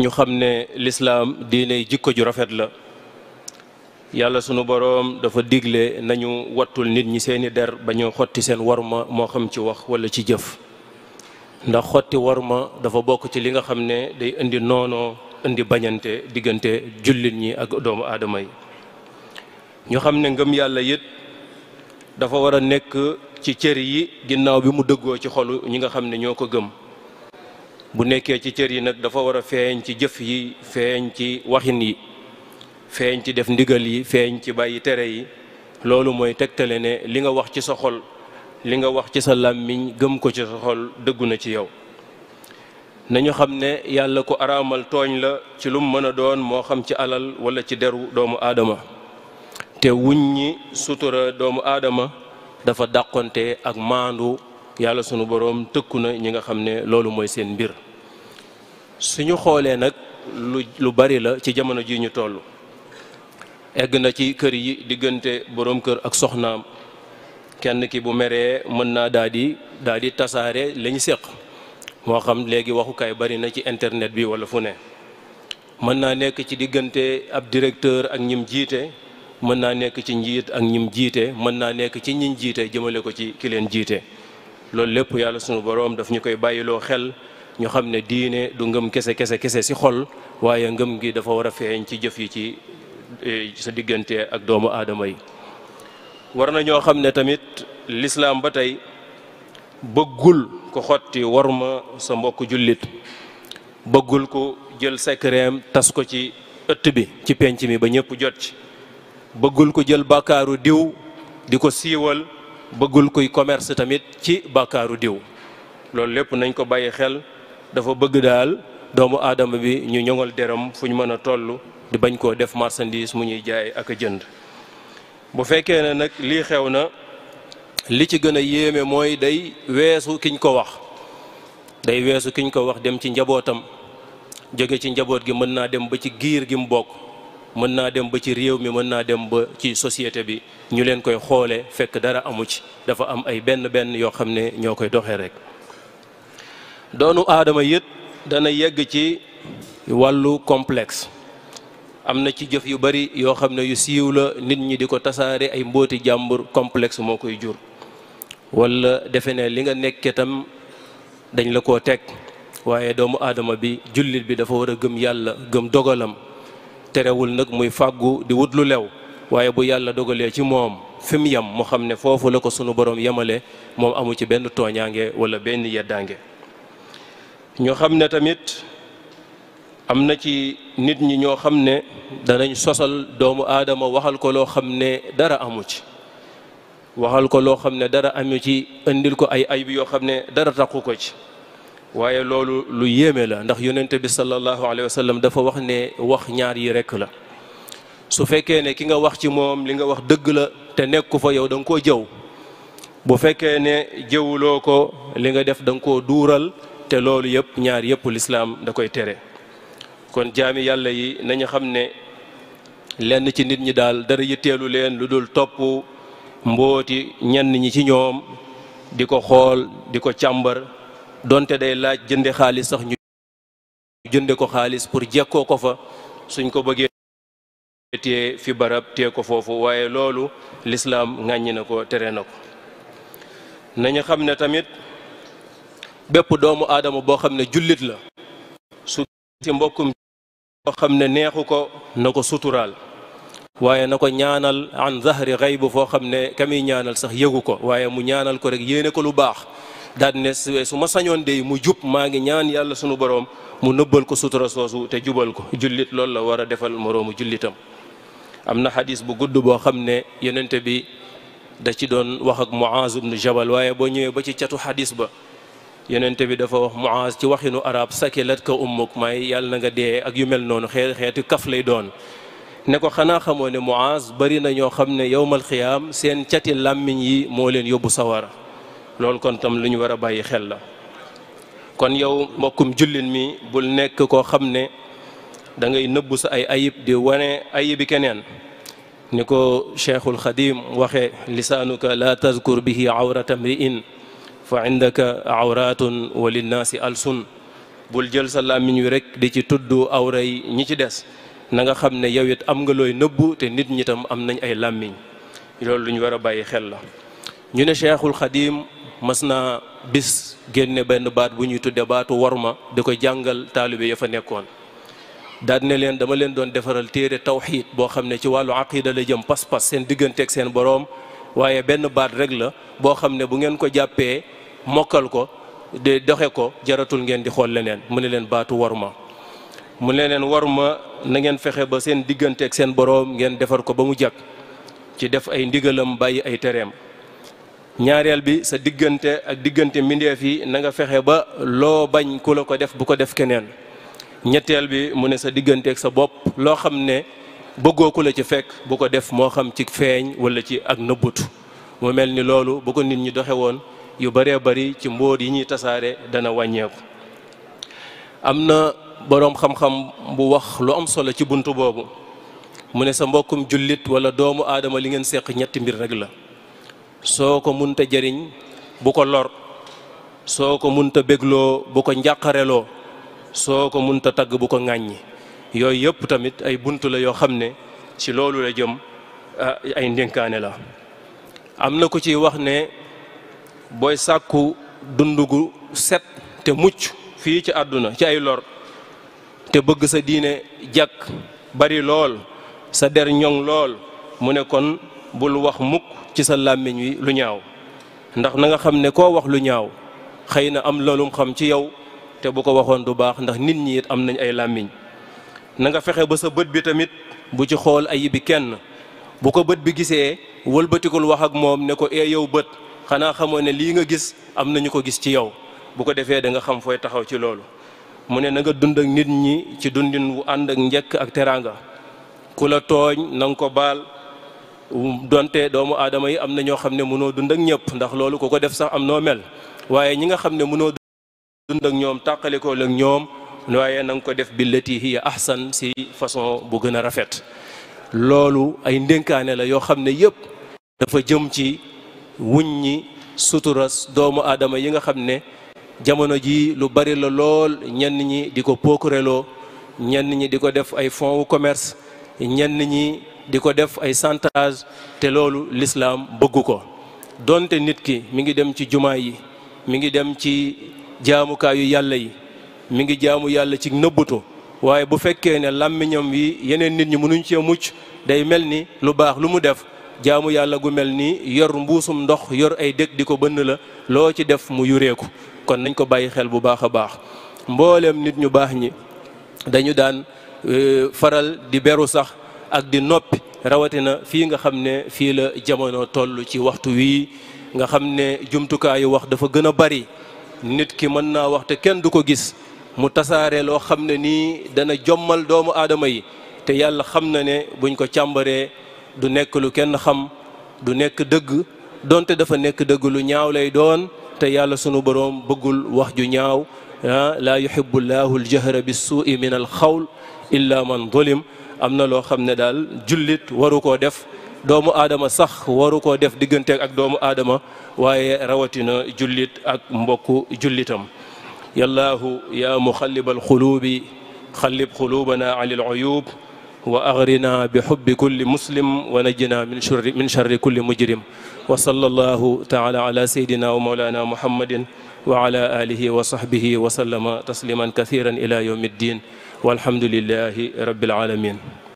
ñu xam ne lislaam diiney jikko ju rafet la yàlla sunu boroom dafa digle nañu wattul nit ñi seeni der ba ñu xotti seen warma moo xam ci wax walla ci jëf ndax xotti warma dafa bokk ci li nga xam ne day indi noonoo indi bañante diggante jullit ñi ak doomu aadama yi ñu xam ne ngëm yàlla yit dafa war a nekk ci cër yi ginnaaw bi mu dëggoo ci xolu ñi nga xam ne ñoo ko gëm bu nekkee ci cër yi nag dafa war a feeñ ci jëf yi feeñ ci waxin yi feeñ ci def ndigal yi feeñ ci bàyyi tere yi loolu mooy tegtale ne li nga wax ci sa xol li nga wax ci sa làmmiñ gëm ko ci sa xol dëggu na ci yow nañu xam ne yàlla ku araamal tooñ la ci lum mën a doon moo xam ci alal wala ci deru doomu aadama te wuññi ñi sutura doomu aadama dafa dàqonte ak maandu yàlla sunu boroom tëkku na ñi nga xam ne loolu mooy seen mbir suñu xoolee nag lu lu bari la ci jamono ji ñu toll egg na ci kër yi diggante boroom kër ak soxnaam kenn ki bu meree mën naa daal daal di tasaare la ñu séq moo xam léegi waxukaay bari na ci internet bi walla fu ne mën naa nekk ci diggante ab directeur ak ñim jiite mën naa nekk ci njiit ak ñim jiite mën naa nekk ci ñiñ jiite jëmale ko ci ki leen jiite loolu lépp yàlla sunu boroom daf ñu koy bàyyiloo xel ñu xam ne diine du ngëm kese kese kese si xol waaye ngëm gi dafa war a feeñ ci jëf yi ci eh, sa diggante ak doomu aadama yi war na ñoo xam ne tamit lislaam ba tey bëggul ko xotti warma sa mbokk jullit bëggul ko jël sekreem tas ko ci ëtt bi ci penc mi ba ñëpp jot ci bëggul ko jël bàkkaaru diw di ko siiwal bëggul kuy commerce tamit ci bàkkaaru diw loolu lépp nañ ko bàyyi xel dafa bëgg daal doomu aadama bi ñu ñoŋal deram fu ñu mën a toll bañ koo def marchandise mu ñuy jaay ak jënd bu fekkee ne nag lii xew na li ci gën a yéeme mooy day weesu kiñ ko wax day weesu kiñ ko wax dem ci njabootam jóge ci njaboot gi mën naa dem ba ci giir gi mu bokk mën naa dem ba ci réew mi mën naa dem ba ci société bi ñu leen koy xoole fekk dara amu ci dafa am ay benn benn yoo xam ne ñoo koy doxe rek doonu aadama yët dana yegg ci wàllu complex am na ci jëf yu bari yoo xam ne yu siiw la nit ñi di ko tasaare ay mbóoti jàmbur complexe moo koy jur wala defe ne li nga nekke dañ la ko teg waaye doomu aadama bi jullit bi dafa war a gëm yàlla gëm dogalam terewul nag muy fàggu di wut lu lew waaye bu yàlla dogalee ci moom fi mu yem mu xam ne foofu la ko sunu borom yemale moom amu ci benn tooñaange wala benn yeddaange ñu xam ne tamit am na ci nit ñi ñoo xam ne danañ sosal doomu aadama waxal ko loo xam ne dara amu ci waxal ko loo xam ne dara amu ci indil ko ay ayib yoo xam ne dara takku ko ci waaye loolu lu yéeme la ndax yonent bi sallallahu alayhi wa sallam dafa wax ne wax ñaar yi rekk la su fekkee ne ki nga wax ci moom li nga wax dëgg la te nekku fa yow da nga koo jëw bu fekkee ne jëwuloo ko li nga def da nga koo duural te loolu yëpp ñaar yëpp lislaam da koy tere kon jaami yàlla yi nañu xam ne lenn ci nit ñi daal dara yitteelu leen lu dul topp mbooti ñan ñi ci ñoom di ko xool di ko càmbar donte day laaj jënde xaalis sax ñu jënde ko xaalis pour jekkoo ko fa suñ ko bëggee te fi barab tee ko foofu waaye loolu lislaam ŋàññi na ko tere na ko nañu xam ne tamit bépp doomu aadama boo xam ne jullit la su mbokkum boo xam ne neexu ko na ko suturaal waaye na ko ñaanal an zahri xayb foo xam ne kamiy ñaanal sax yégu ko waaye mu ñaanal ko rek yéene ko lu baax daal di su ma sañoon dey mu jub maa ngi ñaan yàlla sunu boroom mu nëbbal ko sutura soosu te jubal ko jullit loolu la war a defal moroomu jullitam am na xadiis bu gudd boo xam ne yonente bi da ci doon wax ak Muaz ibnu Jabal waaye boo ñëwee ba ci catu xadis ba yonente bi dafa wax Muaz ci waxinu arab sakilat ka ummuk may yàlla na nga dee ak yu mel noonu xeet xeeti kaf lay doon ne ko xanaa xamoo ne Muaz bari na ñoo xam ne yowmal xiyaam seen cati làmmiñ yi moo leen yóbbu sawara loolu kon tam lu ñu war a bàyyi xel la kon yow mbokkum jullit mi bul nekk koo xam ne da ngay nëbbu sa ay ayib di wane ayibi keneen ni ko cheikhul xadim waxe lisaanuka la tazkur bihi awrata mri'in fa indaka awratun wa linnaasi alsun bul jël sa làmmiñ wi rek di ci tudd awra yi ñi ci des na nga xam ne yow it am nga looy nëbbu te nit ñi tam am nañ ay làmmiñ loolu ñu war a bàyyi xel la ñu ne cheikhul xadim mas naa bis génne benn baat bu ñuy tudde baatu warma di ko jàngal taalibe ya fa nekkoon daal na leen dama leen doon defaral téere tawxiid boo xam ne ci wàllu aqida la jëm pas-pas seen digganteeg seen boroom waaye benn baat rek la boo xam ne bu ngeen ko jàppee mokkal ko di doxe ko jaratul ngeen di xool leneen mu ne leen baatu warma mu ne leen warma na ngeen fexe ba seen digganteeg seen boroom ngeen defar ko ba mu jag ci def ay ndigalam bàyyi ay tereem ñaareel bi sa diggante ak diggante mbindeef yi nanga nga fexe ba loo bañ ku la ko def bu ko def keneen ñetteel bi mu ne sa diggante ak sa bopp loo xam ne bëggoo ku la ci fekk bu ko def moo xam ci feeñ wala ci ak nëbbutu mu mel ni loolu bu ko nit ñi doxe woon yu bëree bari ci mbóot yi ñuy tasaare dana wàññeeku am na boroom xam-xam bu wax lu am solo ci bunt boobu mu ne sa mbokkum jullit wala doomu aadama li ngeen seq ñetti mbir rek la soo ko munta jariñ bu ko lor soo ko munta bégloo bu ko njàqareeloo soo ko munta tagg bu ko ŋàññi yooyu yëpp tamit ay bunt la yoo xam ne ci loolu la jëm ah, ay ndénkaane la am na ku ci wax ne booy sàkku dund gu set te mucc fii ci àdduna ci ay lor te bëgg sa diine jàkk bari lool sa der ñoŋ lool mu ne kon bul wax mukk ci sa làmmiñ wi lu ñaaw ndax nanga xam ne koo wax lu ñaaw xëy na am loolum xam ci yow te bu ko waxoon du baax ndax nit ñi it am nañ ay làmmiñ nanga fexe ba sa bët bi tamit bu ci xool ayibi kenn bu ko bët bi gisee wëlbatikul wax ak moom ne ko ee eh, yow bët xanaa xamoon ne lii nga gis am nañu ko gis ci yow bu ko defee da nga xam fooy taxaw ci loolu mu ne nanga dund ak nit ñi ci dundin wu ànd ak njëkk ak teraanga ku la tooñ na ko baal Um, donte doomu adama yi am na ñoo xam ne munoo dund ak ñëpp ndax loolu ku ko def sax am noo mel waaye ñi nga xam ne mënoo dund ak ñoom tàqalikoo ak ñoom waaye na nga ko def billati hiya ahsan si façon bu gën a rafet loolu ay ndénkaane la yoo xam ne yëpp dafa jëm ci wuñ ñi suturas doomu aadama yi nga xam ne jamono ji lu bari la lool ñenn ñi di ko pookureloo ñenn ñi di ko def ay fonds wu commerce ñenn ñi di ko def ay chantage te loolu lislaam bëgg ko donte nit ki mi ngi dem ci jumaa yi mi ngi dem ci jaamukaayu yàlla yi mi ngi jaamu yàlla ci nëbbutu waaye bu fekkee ne làmmiñam yi yeneen nit ñi mënuñ cee mucc day mel ni lu baax lu mu def jaamu yàlla gu mel ni yor mbuusum ndox yor ay dëkk di ko bënn la loo ci def mu yureeku kon nañ ko bàyyi xel bu baax a baax mbooleem nit ñu baax ñi dañu daan euh, faral di beru sax ak di noppi rawatina fii nga xam ne fii la jamono toll ci waxtu wii nga xam ne jumtukaayu wax dafa gën a bari nit ki mën naa wax te kenn du ko gis mu tasaare loo xam ne nii dana jommal doomu aadama yi te yàlla xam na ne buñ ko càmbaree du nekk lu kenn xam du nekk dëgg donte dafa nekk dëgg lu ñaaw lay doon te yàlla sunu boroom bëggul wax ju ñaaw ah laa yuhibbu llaahu aljahra bis suui min alxawl illa man zulim am na loo xam ne daal jullit waru koo def doomu aadama sax waru koo def diggante ak doomu aadama waaye rawatina jullit ak mbokku jullitam yallaahu yaa muxallibal xuluubi xallib xuluubana anil uyuub wa agrina bi xubbi kulli muslim wa najjina min sharri min sharri kulli mujrim wa sallallahu taala ala sayyidina wa mawlana muhammadin wa ala alihi wa sahbihi wa sallama tasliman kathiran ila yawmi ddin walhamdulillahi rabbil alamin